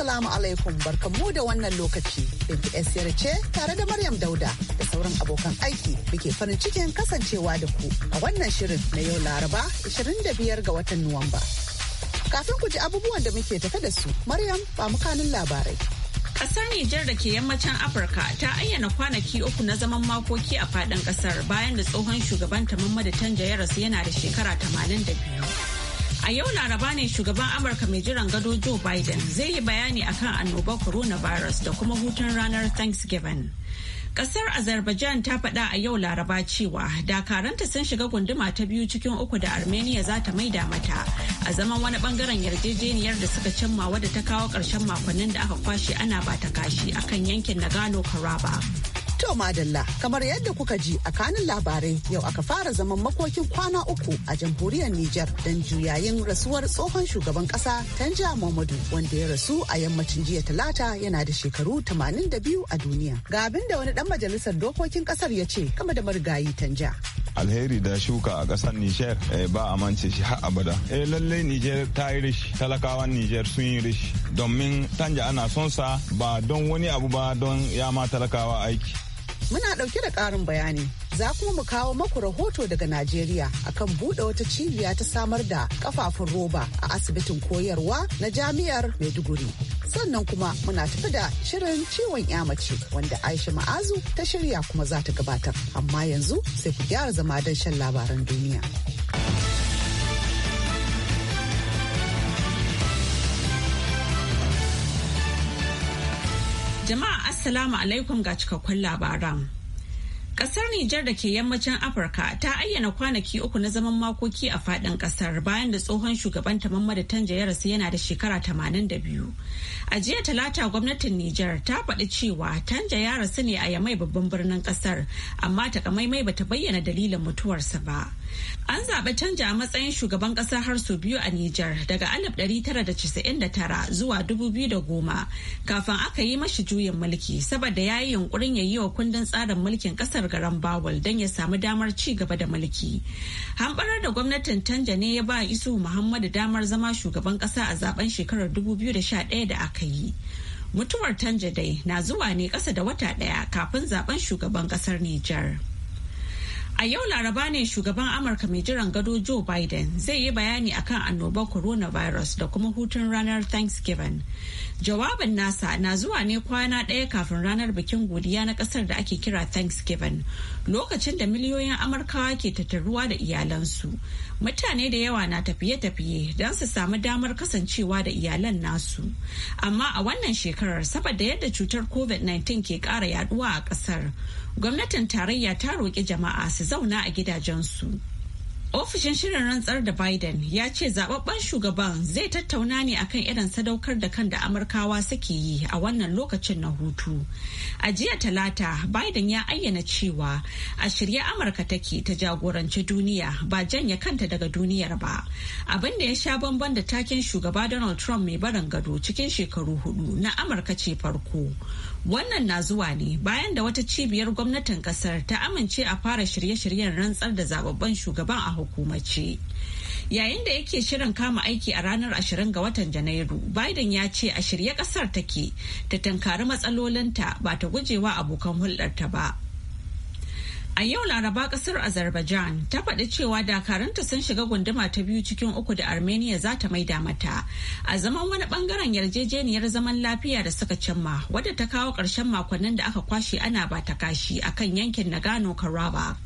Assalamu alaikum barkamu da wannan lokaci. Binti Esiyar ce tare da Maryam Dauda da sauran abokan aiki muke farin cikin kasancewa da ku a wannan shirin na yau Laraba 25 ga watan Nuwamba. Kafin ku ji abubuwan da muke tafe da su, Maryam ba mu kanun labarai. Kasar Nijar da ke yammacin Afirka ta ayyana kwanaki uku na zaman makoki a faɗin ƙasar bayan da tsohon shugaban ta Mamadu Tanja ya rasu yana da shekara 82. A yau laraba ne shugaban Amurka mai jiran gado Joe Biden zai yi bayani akan annobar coronavirus da kuma hutun ranar Thanksgiving. Kasar Azerbaijan ta faɗa a yau laraba cewa dakaranta sun shiga gunduma ta biyu cikin uku da Armenia za ta maida mata a zaman wani bangaren yarjejeniyar da suka cimma wadda ta kawo ƙarshen makonnin da aka kwashe ana ba ta kashi akan yankin Nagano Karaba. To madalla kamar yadda kuka ji a kanin labarai yau aka fara zaman makokin kwana uku a jamhuriyar Nijar don juyayin rasuwar tsohon shugaban kasa Tanja Muhammadu wanda ya rasu a yammacin jiya talata yana da shekaru 82 a duniya. Ga abin da wani dan majalisar dokokin kasar ya ce kama da marigayi Tanja. Alheri da shuka a kasar Nijar eh, ba a mance shi har abada. Eh lalle Nijar ta yi rishi talakawan Nijar sun yi rishi domin Tanja ana son sa ba don wani abu ba don ya ma talakawa aiki. Muna ɗauke da ƙarin bayani. Za kuma mu kawo maku rahoto daga Najeriya akan buɗe wata cibiya ta samar da kafafun roba a asibitin koyarwa na jami'ar Maiduguri. Sannan kuma muna tafi da shirin ciwon mace wanda Aisha Ma'azu ta shirya kuma za ta gabatar. Amma yanzu sai ku gyara zama don shan labaran duniya. Jama'a Assalamu alaikum ga cikakkun labaran. Ƙasar Nijar da ke yammacin Afirka ta ayyana kwanaki uku na zaman makoki a fadin ƙasar. bayan da tsohon shugaban Mamadu Tanja ya rasu yana da shekara 82. A jiya talata gwamnatin Nijar ta faɗi cewa Tanja ya rasu ne a Yamai babban birnin ƙasar. amma takamaimai bata bayyana dalilin mutuwarsa ba. An zaɓi Tanja a matsayin shugaban ƙasar har su biyu a Nijar daga 1999 zuwa 2010 kafin aka yi mashi juyin mulki saboda ya yi yunkurin ya yi wa kundin tsarin mulkin ƙasar garan Bawal don ya samu damar ci gaba da mulki. Hamɓarar da gwamnatin Tanja ne ya ba Isu Muhammadu damar zama shugaban ƙasa a zaben shekarar 2011 da aka yi. Mutuwar Tanja dai na zuwa ne ƙasa da wata ɗaya kafin zaben shugaban ƙasar Nijar. A yau Laraba ne shugaban Amurka mai jiran gado Joe Biden zai yi bayani akan annobar coronavirus da kuma hutun ranar Thanksgiving. Jawabin nasa na zuwa ne kwana ɗaya kafin ranar bikin godiya na ƙasar da ake kira Thanksgiving, lokacin da miliyoyin Amurkawa ke tattaruwa da iyalansu. Mutane da yawa na tafiye-tafiye don su samu damar kasancewa da iyalan nasu. Amma a wannan shekarar saboda yadda cutar COVID-19 ke ƙara yaduwa a ƙasar. gwamnatin tarayya ta roƙi jama'a su zauna a gidajensu. Ofishin shirin rantsar da Biden ya ce zababben shugaban zai tattauna ne akan irin sadaukar da kan da Amurkawa suke yi a wannan lokacin na hutu. A jiya talata, Biden ya ayyana cewa a shirye Amurka take ta jagoranci duniya ba janye kanta daga duniyar ba. Abin da ya sha bamban da takin shugaba Donald Trump mai barin gado cikin shekaru hudu na Amurka ce farko. Wannan na zuwa ne bayan da wata cibiyar gwamnatin kasar ta amince a fara shirye-shiryen rantsar da zababben shugaban a hukumace. Yayin da yake shirin kama aiki a ranar 20 ga watan Janairu, Biden ya ce a shirye kasar take ta tankari matsalolinta ba ta gujewa abokan hulɗarta ba. A yau Laraba kasar Azerbaijan ta faɗi cewa dakaranta sun shiga gunduma ta biyu cikin uku da Armenia za ta maida mata. A zaman wani bangaren yarjejeniyar zaman lafiya da suka cimma wadda ta kawo ƙarshen makonnin da aka kwashe ana ba ta kashi kan yankin Nagano Karabakh.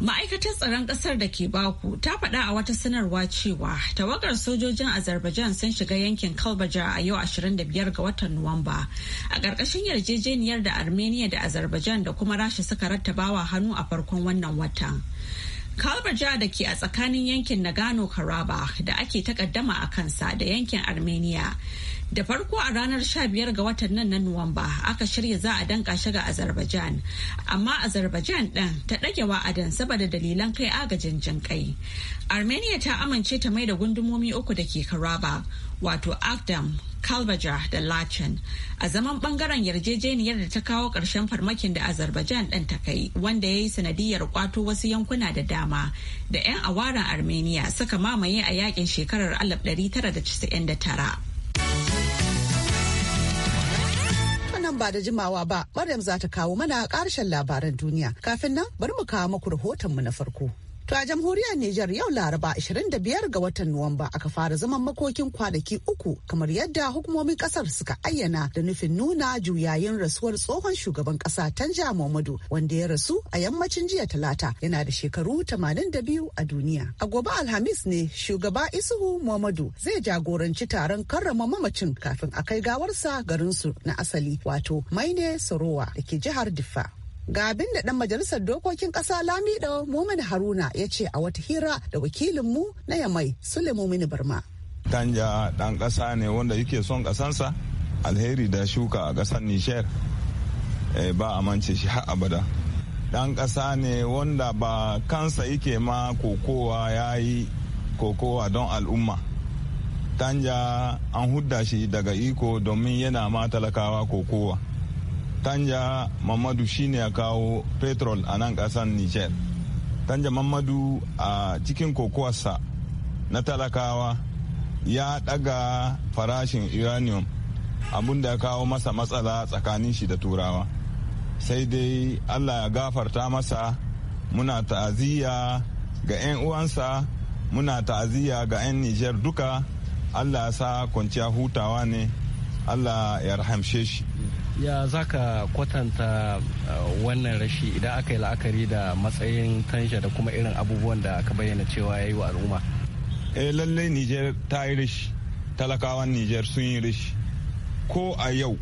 Ma'aikatar tsaron ƙasar da ke Baku ta faɗa a wata sanarwa cewa tawagar sojojin Azerbaijan sun shiga yankin Kalbaja a yau 25 ga watan Nuwamba a ƙarƙashin yarjejeniyar da Armenia da Azerbaijan da kuma Rasha suka rattabawa hannu a farkon wannan watan. Kalbaja da ke a tsakanin yankin Nagano Karabakh da ake takaddama a kansa da yankin Armenia Da farko a ranar 15 ga watan nan na Nuwamba aka shirya za a danka shi ga Azerbaijan, amma Azerbaijan ɗin ta ɗage wa'adan saboda dalilan kai agajin jinkai Armenia ta amince ta mai da gundumomi uku da ke Karaba, wato Agdam, Kalbaja da Lachin a zaman bangaren yarjejeniyar da ta kawo ƙarshen farmakin da Azerbaijan ɗin ta kai wanda ya yi sanadiyar kwato wasu yankuna da dama da 'yan awaran Armenia suka mamaye a yakin shekarar 1999. ba da jimawa ba Maryam za ta kawo mana ƙarshen labaran duniya. Kafin nan bari mu kawo muku rahotonmu na farko. To a jamhuriyar Nijar yau Laraba 25 ga watan Nuwamba aka fara zaman makokin kwanaki uku kamar yadda hukumomin kasar suka ayyana da nufin nuna juyayin rasuwar tsohon shugaban kasa Tanja Muhammadu wanda ya rasu a yammacin jiya Talata yana da shekaru 82 a duniya. A gobe Alhamis ne shugaba Isuhu Muhammadu zai jagoranci taron karrama mamacin kafin a kai gawarsa garinsu na asali wato Maine Sorowa da ke jihar Diffa. Ga abin da dan majalisar dokokin ƙasa Lamido Mumin Haruna ya ce a wata hira da wakilinmu na Yamai sulemomini Barma. Tanja ɗan ƙasa ne wanda yake son kasansa alheri da shuka a ƙasar Nijar eh, ba a mance shi har abada. Ɗan ƙasa ne wanda ba kansa yake ma kokowa ya yi kokowa don al'umma. Tanja an hudda shi daga iko domin yana ma talakawa kokowa. tanja mamadu shine ya kawo petrol a nan kasan niger tanja mamadu a cikin kokowarsa na talakawa ya daga farashin uranium abun da ya kawo masa matsala tsakanin shi da turawa sai dai allah ya gafarta masa muna ta'aziyya ga 'yan uwansa muna ta'aziyya ga 'yan niger duka allah ya sa kwanciya hutawa ne allah ya rahamshe shi ya za ka kwatanta uh, wannan rashi idan aka yi la'akari da matsayin tanja da kuma irin abubuwan da aka bayyana cewa ya yi wa al'umma eh lallai nijar ta yi rashi talakawan niger sun yi rashi ko a yau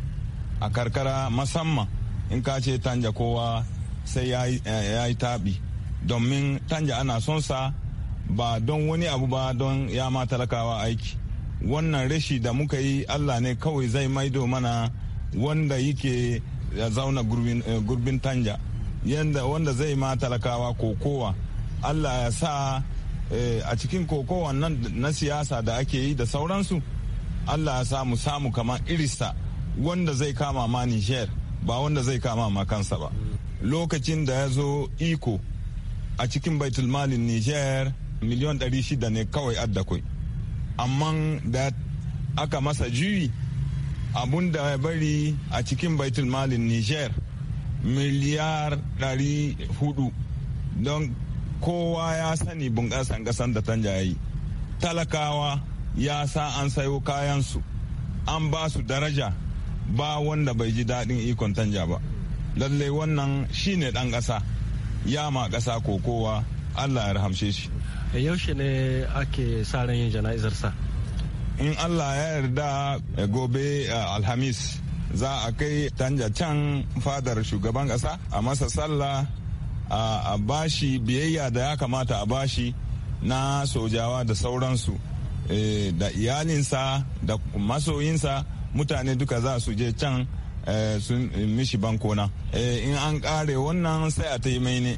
a karkara musamman in ka ce tanja kowa sai eh, ya yi taɓi domin tanja ana son sa ba don wani abu ba don ya ma talakawa aiki wannan rashi da muka yi allah ne kawai zai maido mana wanda yake ya zauna eh, gurbin, tanja yanda wanda zai ma talakawa kokowa allah ya sa eh, a cikin kokowa nan na siyasa da ake yi da sauransu allah ya sa mu samu kama irista wanda zai kama ma niger ba wanda zai kama ma kansa ba lokacin da ya zo iko a cikin baitulmalin niger miliyan 600 ne kawai addakwai amma da aka masa juyi abun da ya bari a cikin baitul malin niger miliyar 400 don kowa ya sani bunƙasan ƙasan da tanja ya yi talakawa ya sa an sayo kayansu an ba su daraja ba wanda bai ji daɗin ikon tanja ba lallai wannan shine ɗan ƙasa ya ma ko kowa allah ya rahamshe shi yaushe ne ake sa ran yin sa. in allah ya yarda eh, gobe eh, alhamis za a kai tanja can fadar shugaban ƙasa a masa sallah a bashi biyayya da ya kamata a bashi na sojawa da sauransu eh, da iyalinsa da masoyinsa mutane duka za su je can sun mishi bankona in an kare wannan sai a ta ne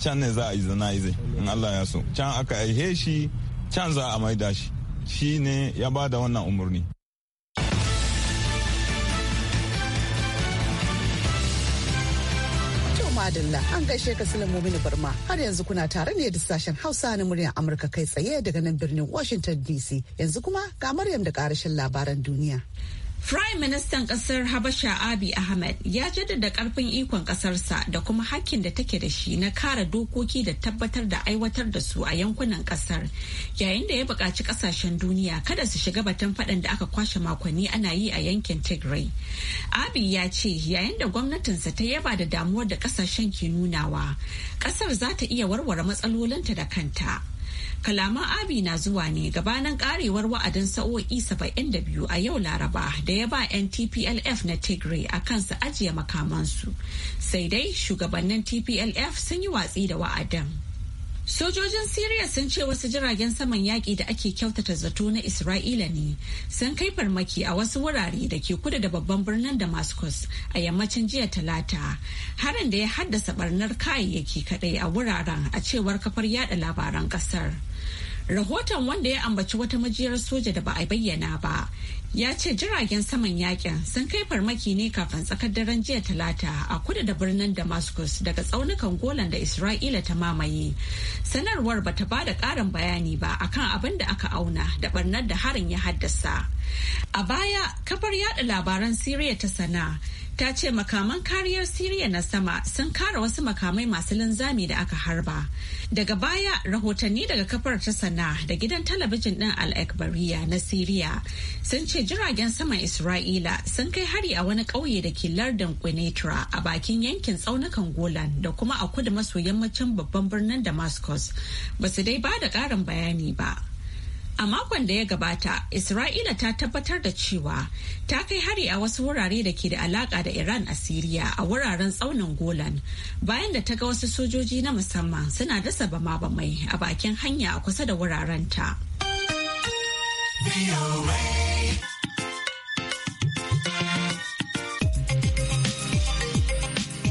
can ne za a yi zana in allah ya so can aka aihe shi can za a maida shi shi ne ya ba da wannan umarni madalla an gaishe ka silin mumini barma har yanzu kuna tare ne da sashen hausa na muryar amurka kai tsaye daga nan birnin washington dc yanzu kuma ga maryam da karashin labaran duniya Prime Ministan kasar Habasha Abi Ahmed ya jaddada karfin ikon kasarsa da kuma hakkin da take da shi na kare dokoki da tabbatar da aiwatar da su a yankunan kasar yayin da ya buƙaci kasashen duniya kada su shiga batun faɗan da aka kwashe makonni ana yi a yankin Tigray. Abi ya ce yayin da gwamnatinsa ta yaba da damuwar da kasashen ke nunawa, kasar za ta iya warware matsalolinta da kanta. kalaman abi na zuwa ne gabanin karewar wa'adin sa'o'i 72 a yau laraba da ya ba 'yan tplf na tigray a kan su ajiye makamansu sai dai shugabannin tplf sun yi watsi da wa'adin sojojin syria sun ce wasu jiragen saman yaƙi da ake kyautata zato na isra'ila ne sun kai farmaki a wasu wurare da ke kudu da babban birnin damascus a yammacin jiya talata harin da ya haddasa barnar kayayyaki kadai a wuraren a cewar kafar yada labaran kasar Rahoton wanda ya ambaci wata majiyar soja da ba a bayyana ba ya ce jiragen saman yakin sun kai farmaki ne kafin tsakar daren jiya talata a kudu da birnin damascus daga tsaunukan golan da isra'ila ta mamaye sanarwar bata ba da karin bayani ba akan abin da aka auna da barnar da harin ya haddasa a baya kafar yada labaran siriya ta sana ta ce makaman kariyar Siriya na sama sun kara wasu makamai masu linzami da aka harba. Daga baya rahotanni daga kafar ta sana da gidan talabijin din Al-Akbariya na Siriya sun ce jiragen saman Isra'ila sun kai hari a wani ƙauye da ke lardin Quneitra a bakin yankin tsaunukan Golan da kuma a kudu maso yammacin babban birnin Damascus. Ba su dai ba da ƙarin bayani ba. A makon da ya gabata, Isra'ila ta tabbatar da cewa ta kai hari a wasu wurare da ke da alaka da Iran a Siriya a wuraren tsaunin Golan bayan da ta ga wasu sojoji na musamman suna dasa bama bamai a bakin hanya a kusa da wurarenta.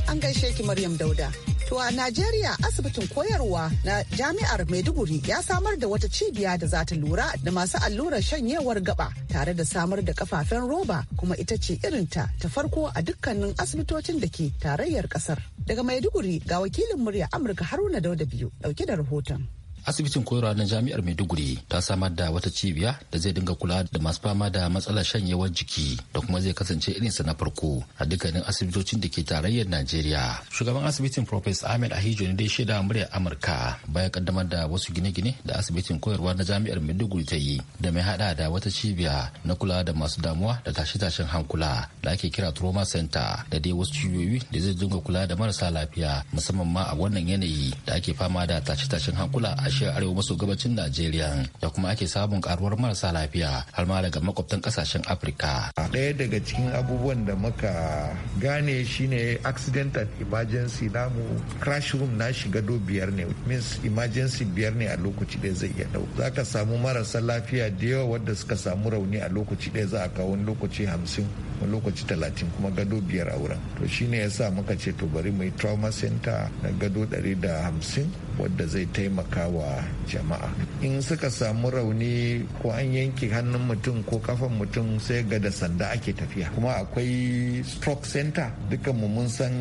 An gaishe ki Maryam Dauda. To a Najeriya asibitin koyarwa na jami'ar Maiduguri ya samar da wata cibiya da za ta lura da masu allurar shanyewar gaba tare da samar da kafafen roba kuma ita ce irinta ta farko a dukkanin asibitocin da ke tarayyar kasar. Daga Maiduguri ga wakilin murya Amurka Haruna Dauda biyu dauke da rahoton. asibitin koyarwa na jami'ar maiduguri ta samar da wata cibiya da zai dinga kula da masu fama da matsalar shanyewar jiki da kuma zai kasance irin sa na farko a dukkanin asibitocin da ke tarayyar najeriya shugaban asibitin professor ahmed ahijo ne dai shaida muryar amurka baya kaddamar da wasu gine-gine da asibitin koyarwa na jami'ar maiduguri ta yi da mai hada da wata cibiya na kula da masu damuwa da tashe-tashen hankula da ake kira trauma center da dai wasu cibiyoyi da zai dinga kula da marasa lafiya musamman ma a wannan yanayi da ake fama da tashe-tashen hankula a kasashen arewa maso gabacin najeriya da kuma ake samun karuwar marasa lafiya har ma daga makwabtan kasashen afirka ɗaya daga cikin abubuwan da muka gane shine accidental and emergency namu crash room na shiga do biyar ne means emergency biyar ne a lokaci ɗaya zai iya ɗau za ka samu marasa lafiya da yawa wadda suka samu rauni a lokaci ɗaya za a kawo wani lokaci hamsin wani lokaci talatin kuma gado biyar a wurin to shine yasa muka ce to bari mai trauma center na gado ɗari da hamsin wadda zai taimaka wa jama'a in suka samu rauni ko an yanke hannun mutum ko kafan mutum sai ga da sanda ake tafiya kuma akwai stroke center duka mun san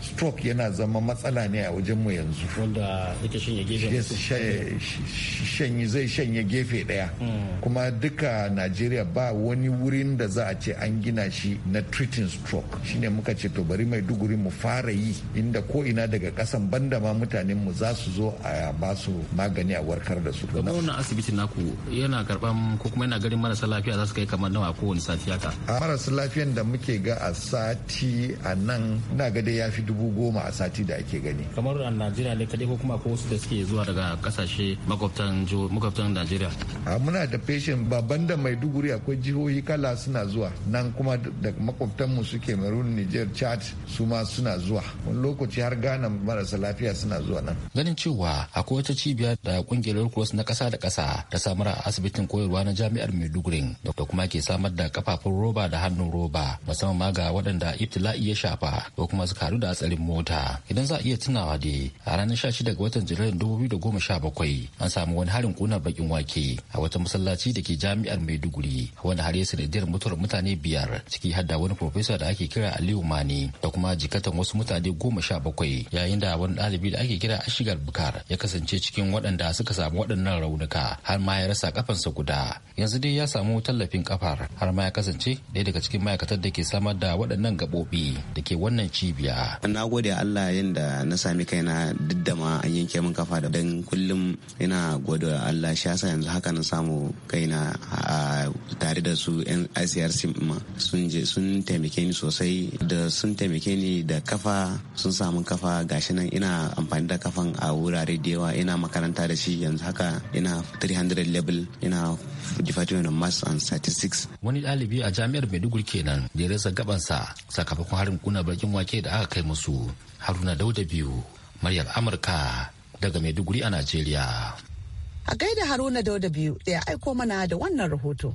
stroke yana zama matsala ne a wajen mu yanzu wanda yake shanye gefe shanye zai shanye gefe daya hmm. kuma duka Najeriya ba wani wurin da za a ce an gina shi na treating stroke shine muka ce to bari mai duguri mu fara yi inda ko ina daga kasan banda ma mutanen mu za su zo zo a ba su magani a warkar da su kamar wannan asibitin naku yana karban ko kuma yana garin marasa lafiya za su kai kamar nawa kowane safiya haka a marasa lafiyan da muke ga a sati a nan na ga dai ya fi dubu goma a sati da ake gani kamar a najeriya ne kadai ko kuma ko wasu da suke zuwa daga kasashe makwabtan makwabtan najeriya a muna da feshin babban da maiduguri akwai jihohi kala suna zuwa nan kuma da makwabtanmu suke marun niger chad su ma suna zuwa wani lokaci har ghana marasa lafiya suna zuwa nan ganin cewa cewa akwai wata cibiya da kungiyar red na kasa da kasa ta samar a asibitin koyarwa na jami'ar maiduguri da kuma ke samar da kafafun roba da hannun roba musamman ma ga waɗanda ibtila'i ya shafa ko kuma su karu da hatsarin mota idan za a iya tunawa dai a ranar 16 ga watan sha bakwai an samu wani harin kuna bakin wake a wata masallaci da ke jami'ar maiduguri wanda har ya sanadiyar mutuwar mutane biyar ciki har da wani profesa da ake kira aliyu mani da kuma jikatan wasu mutane goma sha bakwai yayin da wani ɗalibi da ake kira ashigar buka abubakar ya kasance cikin waɗanda suka samu waɗannan raunuka har ma ya rasa kafansa guda yanzu dai ya samu tallafin kafar har ma ya kasance ɗaya daga cikin ma'aikatar da ke samar da waɗannan gaɓoɓi da ke wannan cibiya na gode allah yadda na sami kaina duk da ma an yanke min kafa da dan kullum ina gode allah shi yasa yanzu haka na samu kaina a tare da su yan icrc ma sun je sun taimake ni sosai da sun taimake ni da kafa sun samu kafa gashi nan ina amfani da kafan a wuri. wurare da yawa ina makaranta da shi yanzu haka ina 300 level ina department of maths and statistics wani ɗalibi a jami'ar maiduguri kenan da ya rasa gabansa sakamakon harin kuna bakin wake da aka kai musu haruna dauda biyu maryam amurka daga maiduguri a najeriya a gaida haruna dauda biyu da ya aiko mana da wannan rahoto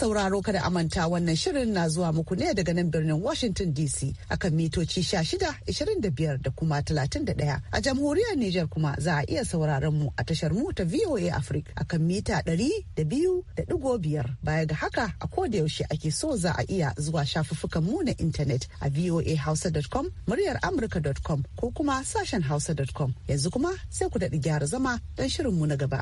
sauraro kada amanta wannan shirin na zuwa muku ne daga nan birnin Washington DC akan mitoci 16, 25 da kuma 31. A jamhuriyar Nijar kuma za a iya sauraron mu a tashar mu ta VOA Africa akan mita 200.5. Baya ga haka a koda yaushe ake so za a iya zuwa shafuffukan mu na intanet a voahausa.com, muryar amurka.com ko kuma sashen hausa.com. Yanzu kuma sai ku daɗi gyara zama don shirin mu na gaba.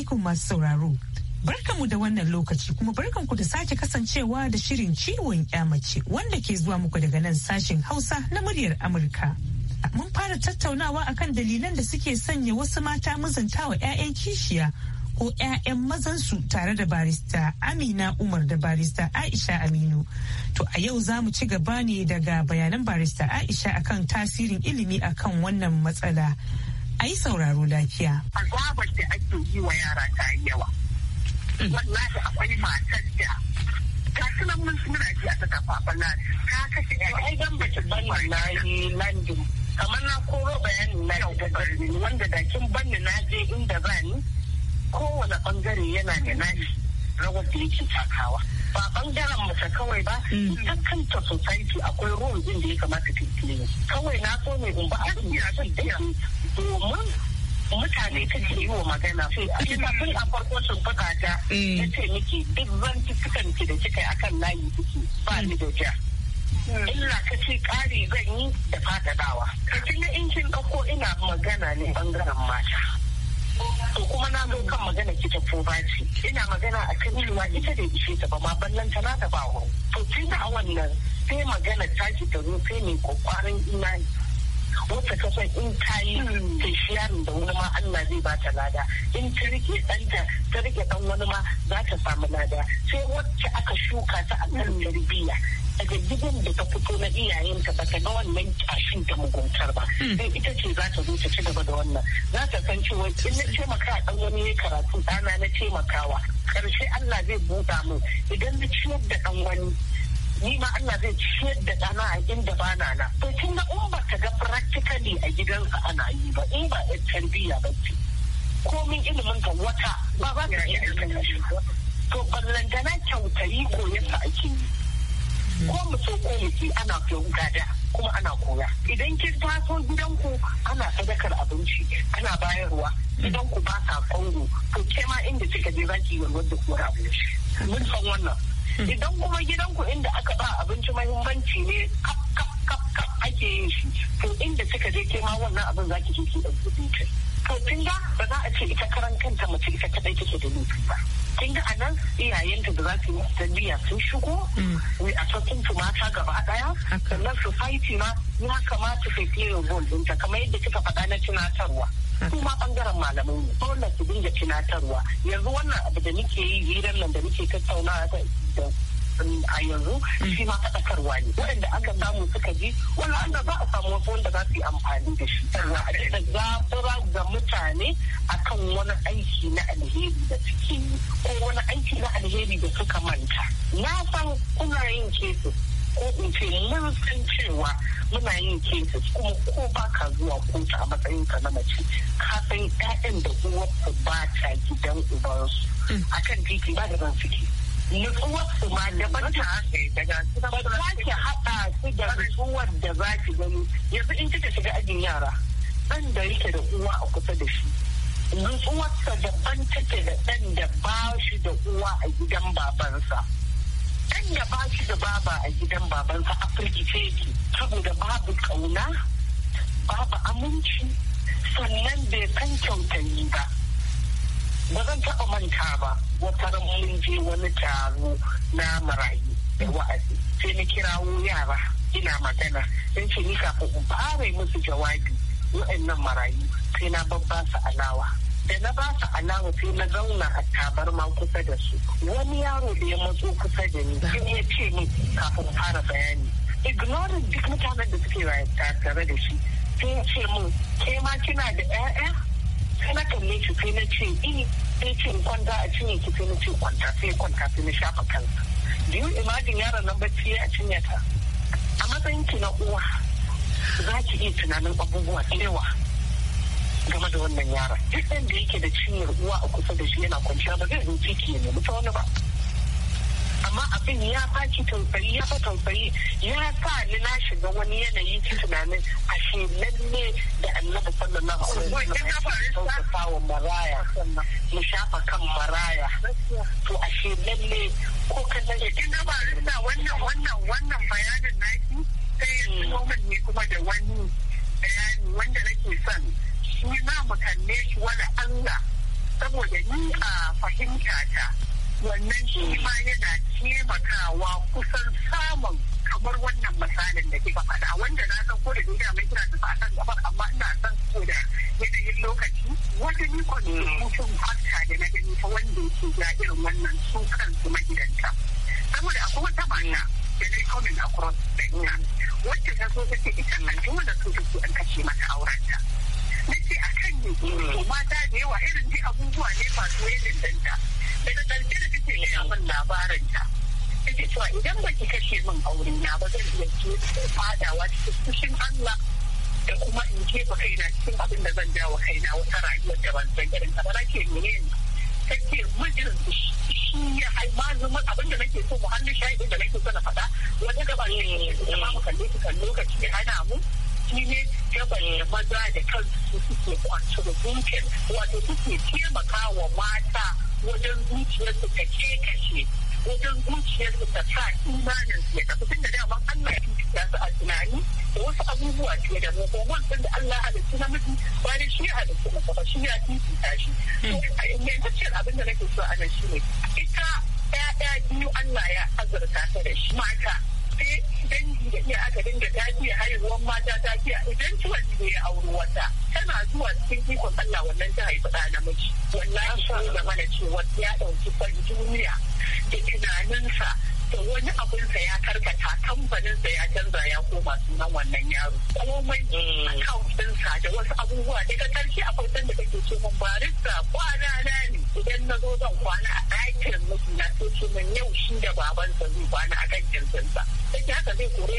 alaikum masu sauraro. mu da wannan lokaci kuma barkanku da sake kasancewa da shirin ciwon mace wanda ke zuwa muku daga nan sashen Hausa na muryar Amurka. Mun fara tattaunawa akan dalilan da suke sanya wasu mata wa 'ya'yan kishiya ko 'ya'yan mazansu tare da barista Amina Umar da barista Aisha Aminu. To a yau za mu ci gaba ne daga bayanan barista Aisha akan tasirin ilimi akan wannan matsala. a yi sauraro lafiya. Azabar da ake yi wa yara ta yi yawa. Mm. Wallahi akwai matar da ta suna mun suna ji a saka fafa na ta kashe ya ai dan bace ban wallahi landin kamar na koro bayanin na da wanda dakin kin banni na je inda ba ni kowane bangare yana da nashi rawar da yake takawa. ba bangaren mace kawai ba mm. ta kanta society akwai ruwan din da ya kamata ta yi kawai na so ne in ba a da domin mutane kan yi wa magana sai mm. a ce a farko sun buga ta mm. ya ce miki duk zantukan ki da kika akan layi kike ba ni da ja mm. illa ka ce ƙari zan yi da Ka kaci na injin ɗauko ina magana ne bangaren mata to kuma na zo kan magana ki ta baci ina magana a kan yiwa ita da ishe ta ba ma ballan ta na ta ba to tun da wannan sai magana ta ki ta zo sai mai kokarin imani wacce ka san in ta yi ta shi da wani ma Allah zai ba ta lada in ta rike ɗanta ta rike ɗan wani ma za ta samu lada sai wacce aka shuka ta a kan mm. tarbiyya daga gidan da ta fito na iyayenta ba ta ga wannan kyashin da muguntar ba mm. sai ita ce za ta zo ta ci gaba da wannan za ta san cewa in na taimaka ɗan wani ya karatu ɗana na taimakawa karshe Allah zai buɗa mu idan na ciyar da ɗan wani ni ma Allah zai ciyar da ɗana a inda ba na na to tun ga in baka ga practically a gidansa ana yi ba in ba yan tarbiyya ba ce komin ilimin ka wata ba ba ka iya aikata shi to ballantana kyautayi koyarsa ake yi ko mu so ko mu ci ana koyon gada kuma ana koya idan kin taso gidanku ana sadakar abinci ana bayarwa gidanku ba sa kongo to ke ma inda kika je zaki yi warwar da kuma abinci mun san wannan idan kuma gidanku inda aka ba abinci mahimmanci ne kap kap kap kap ake yin shi to inda kika je ke ma wannan abin ki je ki kudi dutse to kin ga ba za a ce ita karan kanta mace ita kadai take da laifi ba kin ga anan iyayenta da za su yi tarbiyya sun shigo ne mm. a cikin su mata gaba daya sannan society ma ya kamata su fiye role ɗinta kamar yadda kika faɗa na tunatarwa su ma bangaren malaman mu dole su dinga tunatarwa yanzu wannan abu da muke yi hirar nan da muke tattaunawa da a yanzu shi ma faɗakarwa ne waɗanda aka samu suka ji wani an za a samu wasu wanda za su yi amfani da shi da zafura ga mutane a kan wani aiki na alheri da suke yi ko wani aiki na alheri da suka manta na san kuna yin kesu ko in ce mun san cewa muna yin cases kuma ko ba ka zuwa kotu a matsayin ka na mace ka san ƴaƴan da uwarsu ba ta gidan ubansu mm. kan titi ba da ban suke nutsuwar su ma ban ta ba za haɗa su da nutsuwar da za ki gani yanzu in kika shiga ajin yara ɗan da yake da uwa a kusa da shi nutsuwarsa ban take da ɗan da ba shi da uwa a gidan babansa. dan ya ba shi da baba a gidan babansa a firgice saboda babu kauna babu aminci sannan bai san kyautayi ba ba zan taɓa manta ba wata mun je wani taro na marayu da wa'azi sai na kirawo yara ina magana in ce ni kafin in fara musu jawabi wa'annan marayu sai na babba su alawa da na ba su alamu sai na zauna a tabarma kusa da su wani yaro da ya matso kusa da ni sun ya ce ni kafin fara bayani ignoring duk mutanen da suke tare da shi sai ya ce min ke ma kina da 'ya'ya sai na kalle shi sai na ce i eh, sai ce kwanta a cinye ki sai na ce kwanta sai kwanta sai na shafa kansa do you imagine yaron nan bacci a cinye ta a matsayin ki na uwa za ki iya tunanin abubuwa da yawa game da wannan yara duk ɗan da yake da cinyar uwa a kusa da shi yana kwanciya ba zai zo ciki ya nemi ta wani ba amma abin ya faci tausayi ya fa tausayi ya sa ni na shiga wani yanayi ta tunanin a shi lalle da annabi sallallahu alaihi wasallam ya wa maraya mu shafa kan maraya to a shi lalle ko ka da kin ga ba wannan wannan wannan bayanin naki sai ya hmm. ne kuma da wani bayani wanda nake son shi na mu kalle shi wani Allah saboda ni a fahimta ta wannan shi ma yana taimakawa kusan samun kamar wannan misalin da kika faɗa wanda na san ko da duniya mai kira ta a kan amma ina san ko da yanayin lokaci wata ni mutum factor da na gani ta wanda yake ga irin wannan su kansu magidanta saboda akwai wata ma'ana. yi min aure na ba zan iya fadawa cikin fushin Allah da kuma in jefa kaina cikin abin da zan jawo kaina wata rayuwar da ban san irin ta ba nake nune ni take mijin shi ya haima abin da nake so mu hannu shahidin da nake so na faɗa wata gaba ne da ma mu kalle kan lokaci ana mu shi ne gaban maza da kansu suke da contributing wato suke taimaka wa mata wajen zuciyarsu ta kashe wajen zuciyar su ta sa imanin ya tafi tun da dama Allah ya tuta su a tunani da wasu abubuwa fiye da mu ko da Allah halittu namiji ba da shi halittu na ba shi ya tuta shi. Yantacciyar hmm. abin da nake so a nan shi ne ita ɗaya biyu Allah ya azurta ta da shi mata kamfanin sa ya canza ya koma sunan wannan yaro komai mm. account sa da wasu abubuwa daga karshe akwai da kake ce mun barista kwana na ne idan na zo zan kwana a ɗakin mutum na so su min yau shi da babansa zai kwana a kan jinsinsa sai haka zai kori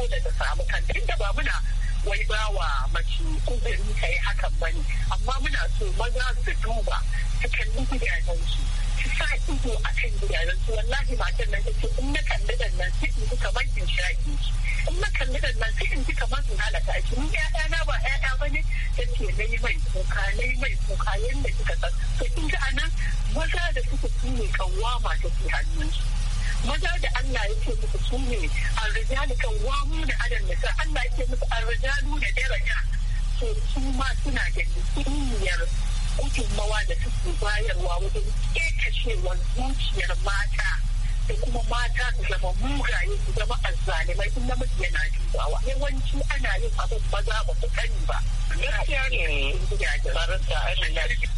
tsaro da ta samu kanta inda ba muna wai ba wa mace kuzari ta yi hakan ba ne amma muna so maza su duba su kalli gidajen su su sa ido a kan su wallahi matan nan ta in na kalli dan nan sai in ji kamar in shaƙe shi in na kalli dan nan sai in ji kamar in halata shi ni ƴaƴa na ba ƴaƴa ba ne ta ce na yi mai kuka na yi mai kuka yadda kika san to kin anan maza da suka fi ne kawama hannun hannunsu maza da Allah ya ce musu su ne kan wamu da adam da Allah ya ce musu arrijalu da daraja to su ma suna da kimiyyar gudunmawa da suke bayarwa wajen kekashewar zuciyar mata da kuma mata su zama mugaye su zama azzalimai in namiji yana dubawa yawanci ana yin abin maza ba su sani ba gaskiya ne ya barista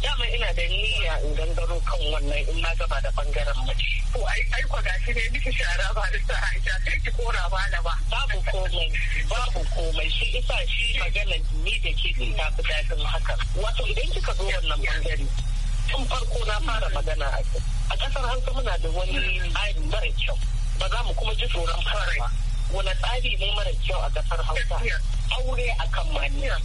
dama ina da niyya in gangaro kan wannan in na gaba da bangaren mace Ko ai ai ko gashi ne shara ba da sa aisha sai ki kora ba na ba babu komai babu komai shi isa shi magana ni da ke ta fi dadin haka wato idan kika zo wannan bangare tun farko na fara magana a a kasar hausa muna da wani tsari mara kyau ba za mu kuma ji tsoron fara wani tsari ne mara kyau a kasar hausa aure akan maniya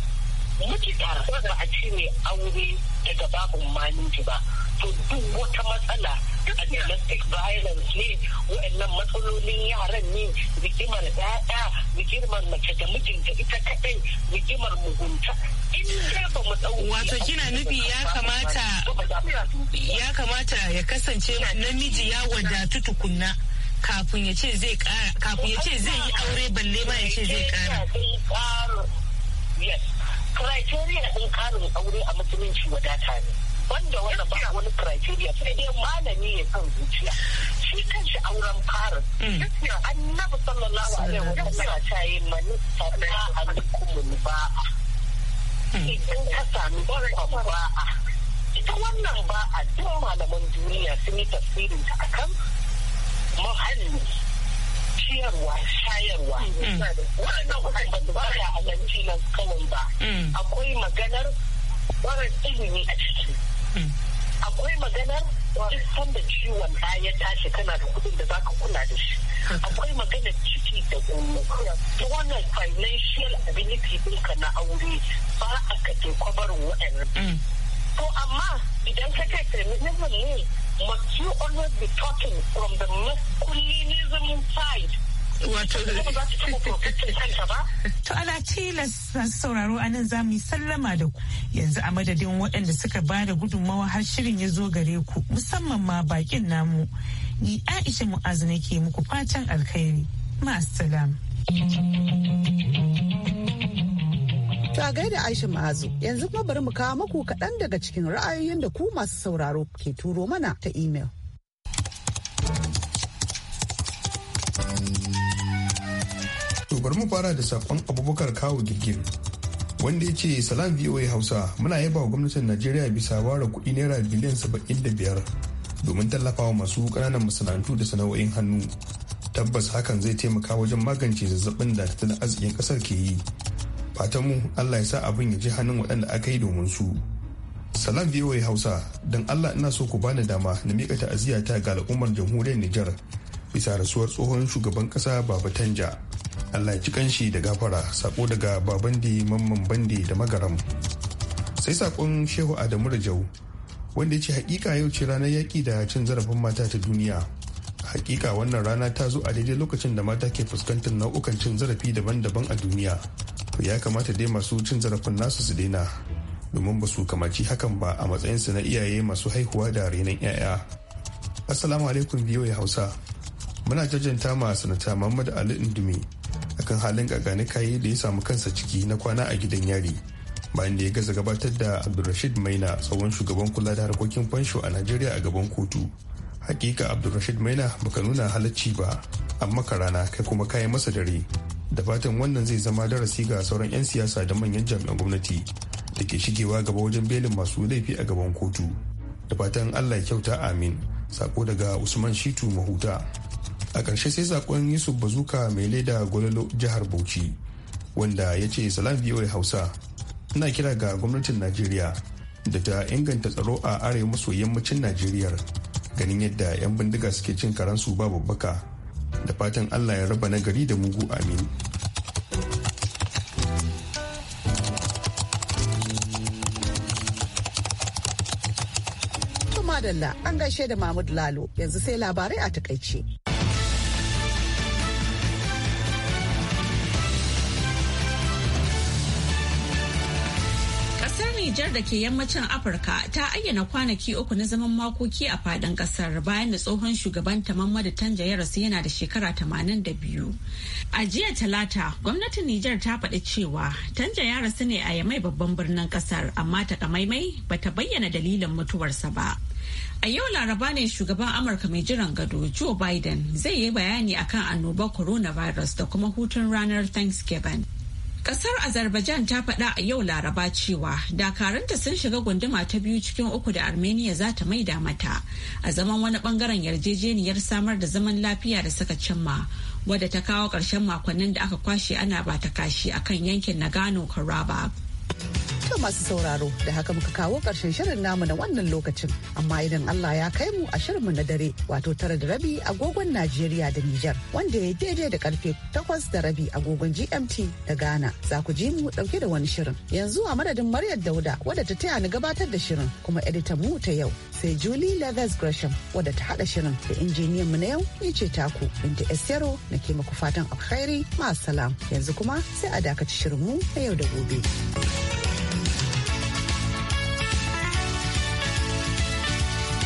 mutukar ba a cire aure daga babin maniji ba to duk wata matsala a domestic violence ne wa'annan matsalolin yaran ne rigimar ɗaya rigimar mace da mijinta ita kaɗai rigimar mugunta wato kina nufi ya kamata ya kamata ya kasance namiji ya wadatu tukunna kafin ya ce zai kara kafin ya ce zai yi aure balle ma ya ce zai kara criteria ɗin karin aure a musulunci wadata ne wanda wanda ba wani criteria sai dai malami ya san zuciya shi kanshi auren farin mm. annabi sallallahu alaihi wa sallam ta yi manista ta alkumun ba'a idan ka sami kwakwa ba'a ita wannan ba'a duk malaman duniya sun yi tafsirin ta a kan muhalli ciyarwa shayarwa mm. waɗannan kuɗaɗen ba da halarci nan kawai ba mm. akwai maganar warar ilimi a ciki mm. akwai maganar duk sanda ciwon ɗaya ya tashi kana da kuɗin da zaka kula da shi akwai maganar ciki da gomo ta wannan financial ability ɗinka na aure ba a kake kwabar kwabarin to amma idan ka kai feminism ne must you always be talking from the masculinism side to ana tilas sauraro anan za mu yi sallama da ku yanzu a madadin waɗanda suka ba da gudunmawa har shirin ya zo gare ku musamman ma bakin namu ni aisha mu'azu nake muku fatan alkhairi ma'asalam. To a gaida Aisha Ma'azu yanzu kuma bari mu kawo muku kaɗan daga cikin ra'ayoyin da ku masu sauraro ke turo mana ta email. To bari mu fara da sakon abubakar kawo girgir wanda ya ce salam voa hausa muna yaba wa gwamnatin najeriya bisa ware kuɗi naira biliyan saba'in da biyar domin tallafawa masu ƙananan masana'antu da sana'o'in hannu tabbas hakan zai taimaka wajen magance zazzabin da tattalin arzikin ƙasar ke yi fatan mu allah ya sa abin ya ji hannun waɗanda aka yi domin su salam voa hausa don allah ina so ku bani dama na miƙa ta ga al'ummar jamhuriyar nijar bisa rasuwar tsohon shugaban ƙasa baba tanja allah ya ci kanshi da gafara sako daga babandi mamman bandi da magaram sai saƙon shehu adamu rajau wanda ya ce haƙiƙa yau ce ranar yaƙi da cin zarafin mata ta duniya haƙiƙa wannan rana ta zo a daidai lokacin da mata ke fuskantar nau'ukan cin zarafi daban-daban a duniya to ya kamata dai masu cin zarafin nasu su daina domin ba su kamaci hakan ba a matsayinsu na iyaye masu haihuwa da renon 'ya'ya. Assalamu alaikum biyoyi Hausa. Muna jajanta ma sanata Muhammad Ali Indumi akan halin gagani kayi da ya samu kansa ciki na kwana a gidan yari. Bayan da ya gaza gabatar da Abdulrashid Maina tsohon shugaban kula da harkokin fansho a Najeriya a gaban kotu. Hakika Abdulrashid Maina baka nuna halacci ba, amma ka rana kai kuma kayi masa dare. da fatan wannan zai zama darasi ga sauran 'yan siyasa da manyan jami'an gwamnati da ke shigewa gaba wajen belin masu laifi a gaban kotu da fatan allah kyauta amin sako daga usman shitu mahuta a ƙarshe sai sakon yusuf bazuka mai leda gwalolo jihar bauchi wanda ya ce salam biyu hausa ina kira ga gwamnatin najeriya da ta inganta tsaro a arewa maso yammacin najeriya ganin yadda 'yan bindiga suke cin karansu babu baka da fatan allah ya raba nagari da mugu amin madalla an gaishe da mahmud lalo yanzu sai labarai a takaice Nijar da ke yammacin Afirka ta ayyana kwanaki uku na zaman makoki a fadin kasar bayan da tsohon shugaban da Tanja ya rasu yana da shekara 82. A jiya talata, gwamnatin Nijar ta faɗi cewa Tanja ya rasu ne a Yamai babban birnin kasar amma ba ta bayyana dalilin mutuwarsa ba. A yau laraba ne shugaban Amurka mai jiran gado Joe Biden zai yi bayani akan annobar coronavirus da kuma hutun ranar Thanksgiving. Kasar Azerbaijan ta faɗa a yau Laraba cewa dakaranta sun shiga gunduma ta biyu cikin uku da Armenia za ta maida mata a zaman wani bangaren yarjejeniyar samar da zaman lafiya da suka cimma wadda ta kawo ƙarshen makonnin da aka kwashe ana ba ta kashi akan yankin Nagano Karabakh. ga masu sauraro da haka muka kawo ƙarshen shirin namu na wannan lokacin amma idan Allah ya kai mu a shirinmu na dare wato tara da rabi agogon Najeriya da Nijar wanda ya daidai da karfe takwas da rabi agogon GMT da Ghana za ku ji mu dauke da wani shirin yanzu a madadin maryam Dauda wadda ta taya ni gabatar da shirin kuma editan mu ta yau sai Julie Leathers Gresham wadda ta hada shirin da injiniyan mu na yau yace ce taku Binta estero nake muku fatan alkhairi ma salam yanzu kuma sai a dakaci shirin mu na yau da gobe.